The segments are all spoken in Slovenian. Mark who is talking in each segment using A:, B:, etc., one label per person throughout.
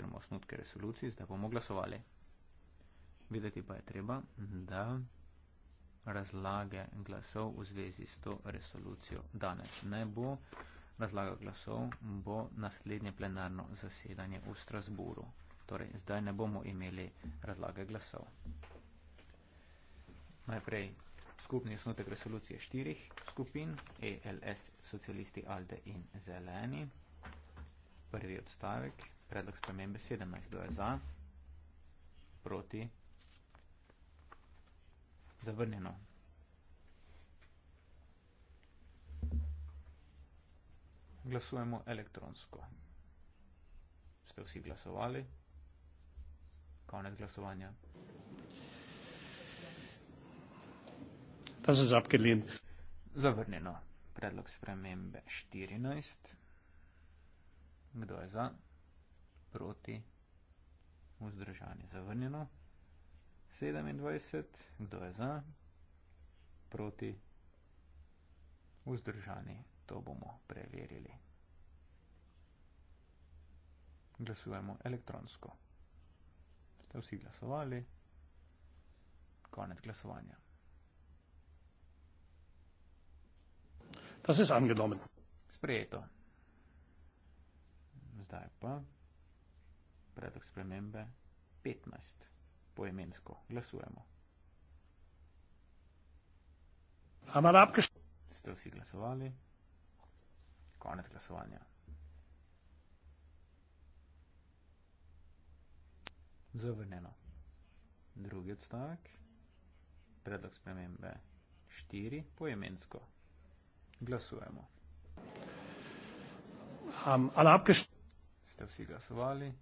A: oziroma osnutke resolucij, zdaj bomo glasovali. Videti pa je treba, da razlage glasov v zvezi s to resolucijo danes ne bo. Razlaga glasov bo naslednje plenarno zasedanje v Strasburu. Torej, zdaj ne bomo imeli razlage glasov. Najprej skupni osnutek resolucije štirih skupin, ELS, socialisti, ALDE in zeleni. Prvi odstavek predlog spremembe 17. Kdo je za? Proti? Zavrnjeno. Glasujemo elektronsko. Ste vsi glasovali? Konec glasovanja. Ta se zapke lin. Zavrnjeno. Predlog spremembe 14. Kdo je za? proti vzdržanje. Zavrnjeno. 27, kdo je za, proti vzdržanje. To bomo preverili. Glasujemo elektronsko. Ste vsi glasovali. Konec glasovanja. Das ist angenommen. Sprejeto. Zdaj pa predlog spremembe 15. Poimensko glasujemo. Ste vsi glasovali? Konec glasovanja. Zavrnjeno. Drugi odstavek. Predlog spremembe 4. Poimensko glasujemo. Ste vsi glasovali?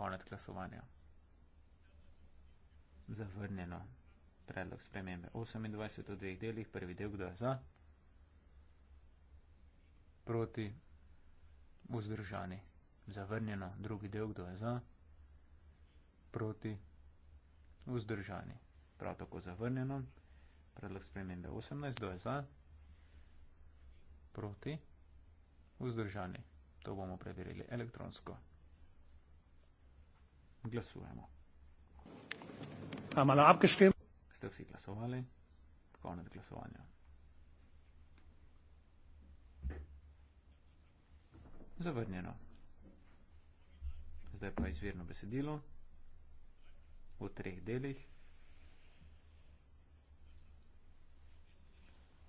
A: konec glasovanja. Zavrnjeno predlog spremembe. 28 v dveh delih, prvi del kdo je za, proti, vzdržani. Zavrnjeno drugi del kdo je za, proti, vzdržani. Prav tako zavrnjeno predlog spremembe. 18 kdo je za, proti, vzdržani. To bomo preverili elektronsko glasujemo. Amalo abgestimmt. Ste vsi glasovali? Konec glasovanja. Zavrnjeno. Zdaj pa izvirno besedilo v treh delih.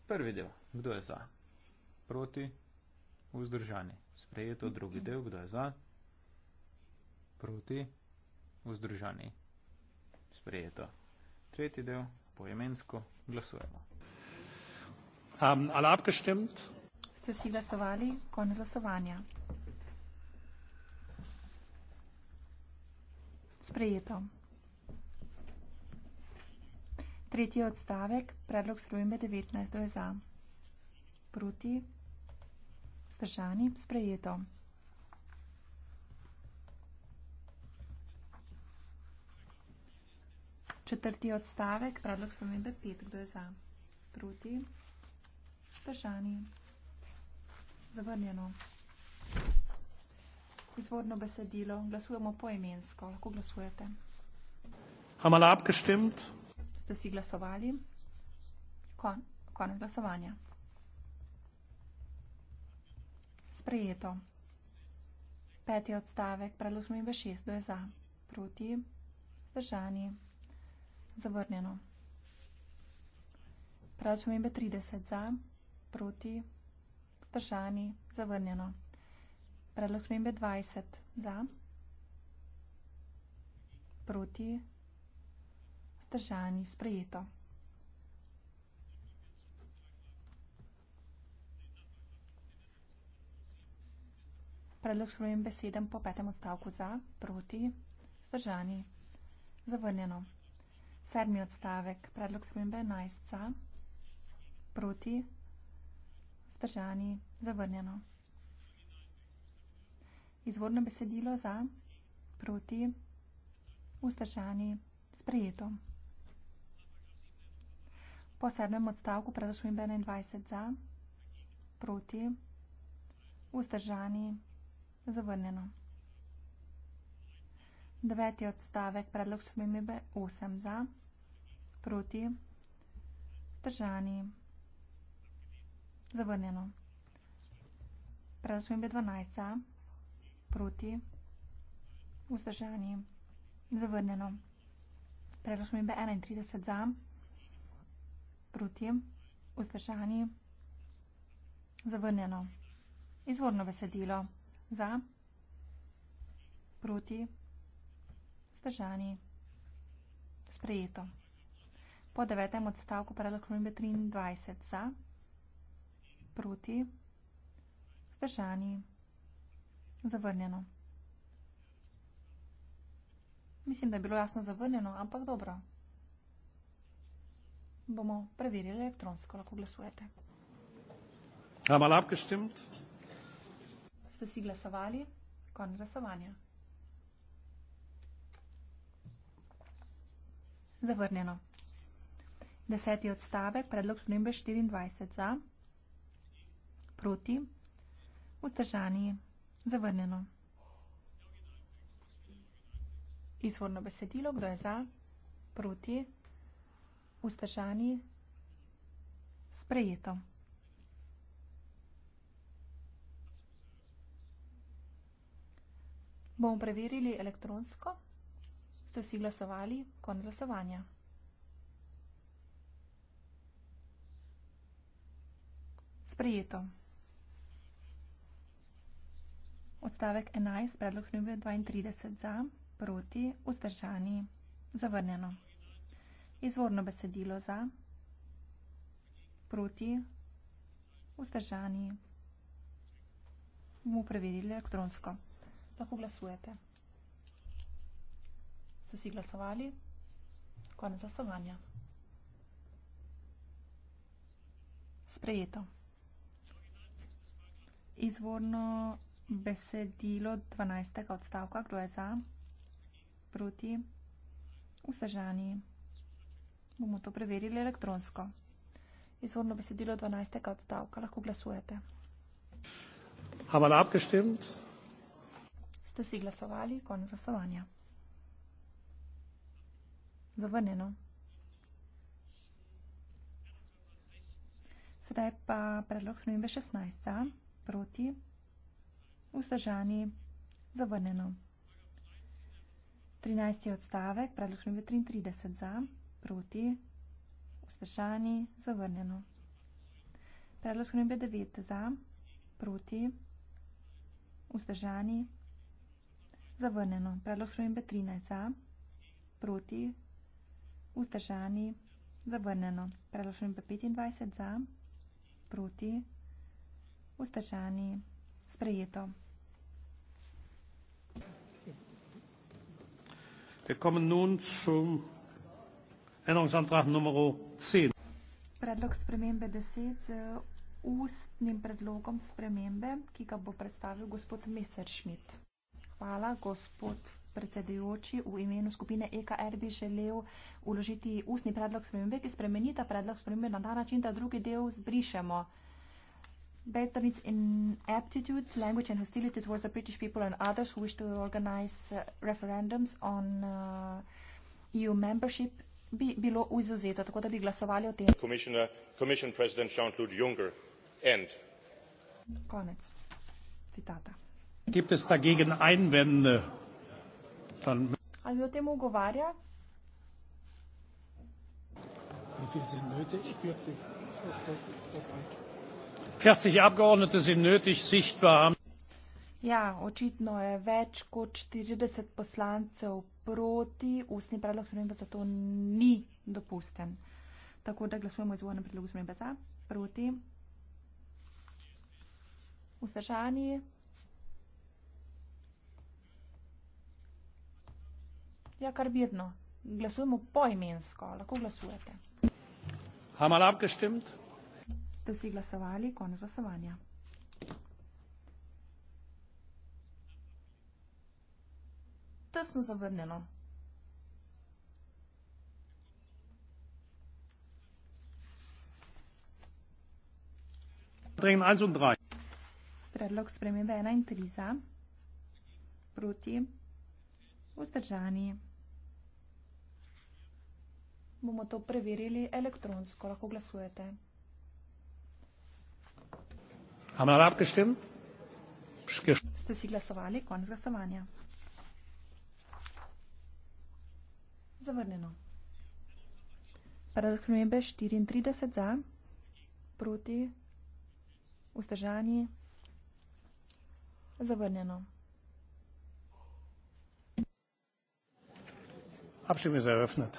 A: Prvi del, kdo je za? Proti, vzdržani. Sprejeto, drugi del, kdo je za? Proti, vzdržani vzdržani. Sprejeto. Tretji del, poemensko, glasujemo. Um, Alapka
B: štemt.
C: Ste si glasovali? Konec glasovanja. Sprejeto. Tretji odstavek, predlog službe 19, do je za. Proti, vzdržani, sprejeto. Četrti odstavek, predlog spremembe pet, kdo je za? Proti? Vzdržani? Zavrnjeno. Izvorno besedilo, glasujemo poemensko, lahko glasujete.
B: Hamalab, gestimt?
C: Ste si glasovali? Kon, konec glasovanja. Sprejeto. Peti odstavek, predlog spremembe šest, kdo je za? Proti? Vzdržani? Zavrnjeno. Preveč omembe 30 za, proti, vzdržani, zavrnjeno. Predlog omembe 20 za, proti, vzdržani, sprejeto. Predlog omembe 7 po petem odstavku za, proti, vzdržani, zavrnjeno. Sedmi odstavek. Predlog spremembe enajstca. Proti. Zdržani. Zavrnjeno. Izvorno besedilo za. Proti. Vzdržani. Sprejeto. Po sedmem odstavku predlog spremembe enajstca. Za. Proti. Vzdržani. Zavrnjeno. Deveti odstavek, predlog spremembe 8 za, proti, vzdržani, zavrnjeno. Predlog spremembe 12 za, proti, vzdržani, zavrnjeno. Predlog spremembe 31 za, proti, vzdržani, zavrnjeno. Izvorno besedilo za, proti, vzdržani. Zdržani. Sprejeto. Po devetem odstavku predlog krombe 23 za. Proti. Zdržani. Zavrnjeno. Mislim, da je bilo jasno zavrnjeno, ampak dobro. Bomo preverili elektronsko, lahko glasujete. Ste si glasovali? Konec glasovanja. Zavrnjeno. Deseti odstavek, predlog spremembe 24 za, proti, vzdržani, zavrnjeno. Izvorno besedilo, kdo je za, proti, vzdržani, sprejeto. Bomo preverili elektronsko ste vsi glasovali konc glasovanja. Sprejeto. Odstavek 11, predlog nube 32 za, proti, vzdržani, zavrnjeno. Izvorno besedilo za, proti, vzdržani, bomo preverili elektronsko. Lahko glasujete ste si glasovali? Konec glasovanja. Sprejeto. Izvorno besedilo 12. odstavka. Kdo je za? Proti? Vzdržani? Bomo to preverili elektronsko. Izvorno besedilo 12. odstavka. Lahko glasujete.
B: Haben abgestimmt?
C: Ste si glasovali? Konec glasovanja. Zavrnjeno. Sedaj pa predlog spremembe 16. Proti. Vzdržani. Zavrnjeno. 13. odstavek. Predlog spremembe 33. Za. Proti. Vzdržani. Zavrnjeno. Predlog spremembe 9. Za. Proti. Vzdržani. Zavrnjeno. Predlog spremembe 13. Za. Proti. Vzdržani vzdržani, zavrnjeno. Preložujem pa 25 za, proti, vzdržani, sprejeto. Predlog spremembe 10 z ustnim predlogom spremembe, ki ga bo predstavil gospod Messerschmidt. Hvala, gospod predsedujoči v imenu skupine EKR bi želel uložiti ustni predlog spremembe, ki spremenita predlog spremembe na ta način, da drugi del zbrišemo. Better needs in aptitude, language and hostility towards the British people and others who wish to organize uh, referendums on uh, EU membership bi bilo izuzeto, tako da bi glasovali o tem.
B: Commission president Jean-Claude Juncker, end.
C: Konec. Citata.
B: Gibt es dagegen Einwände?
C: Ali jo temu ugovarja? Ja, očitno je več kot 40 poslancev proti, ustni predlog spremembe zato ni dopusten. Tako da glasujemo izvornem predlogu spremembe za, proti. Vzdržani. Ja, kar birno. Glasujemo poimensko, lahko glasujete.
B: Hamalab, ki štimt?
C: Ste vsi glasovali, konec glasovanja. Tesno zavrnjeno. Predlog spremembe 1 in 3 za. Proti. Vzdržani bomo to preverili elektronsko. Lahko glasujete. Ste si glasovali? Konec glasovanja. Zavrnjeno. Predlog 34 za, proti, vzdržani. Zavrnjeno.
B: Abschirm ist eröffnet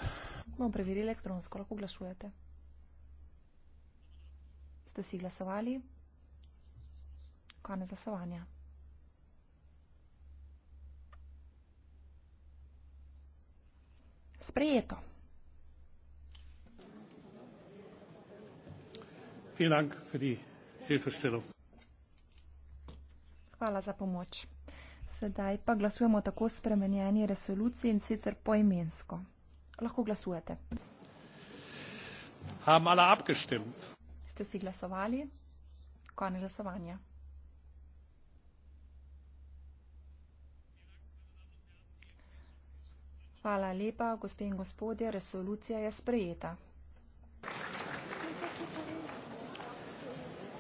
C: bom preverila elektronsko, lahko glasujete. Ste vsi glasovali? Konec glasovanja. Sprejeto. Hvala za pomoč. Sedaj pa glasujemo tako spremenjeni resoluciji in sicer poimensko lahko glasujete. Ste vsi glasovali? Konec glasovanja. Hvala lepa, gospe in gospodje, resolucija je sprejeta.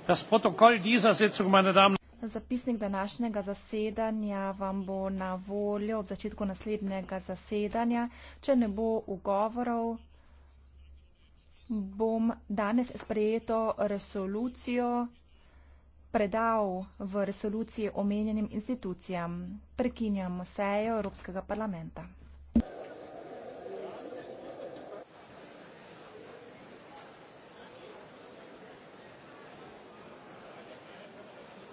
B: Das Protokoll dieser Sitzung, meine Damen
C: Zapisnik današnjega zasedanja vam bo na voljo ob začetku naslednjega zasedanja. Če ne bo ugovorov, bom danes sprejeto resolucijo predal v resoluciji omenjenim institucijam. Prekinjamo sejo Evropskega parlamenta.